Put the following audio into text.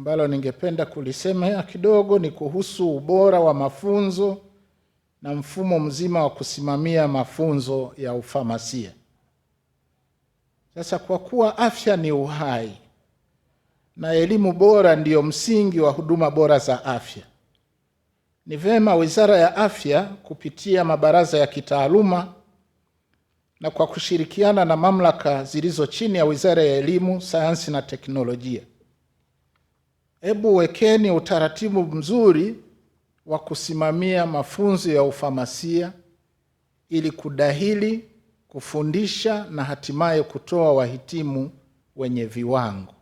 ambalo ningependa kulisema kidogo ni kuhusu ubora wa mafunzo na mfumo mzima wa kusimamia mafunzo ya ufamasia. Sasa kwa kuwa afya ni uhai na elimu bora ndiyo msingi wa huduma bora za afya, ni vyema Wizara ya Afya kupitia mabaraza ya kitaaluma na kwa kushirikiana na mamlaka zilizo chini ya Wizara ya Elimu, Sayansi na Teknolojia hebu wekeni utaratibu mzuri wa kusimamia mafunzo ya ufamasia ili kudahili, kufundisha na hatimaye kutoa wahitimu wenye viwango.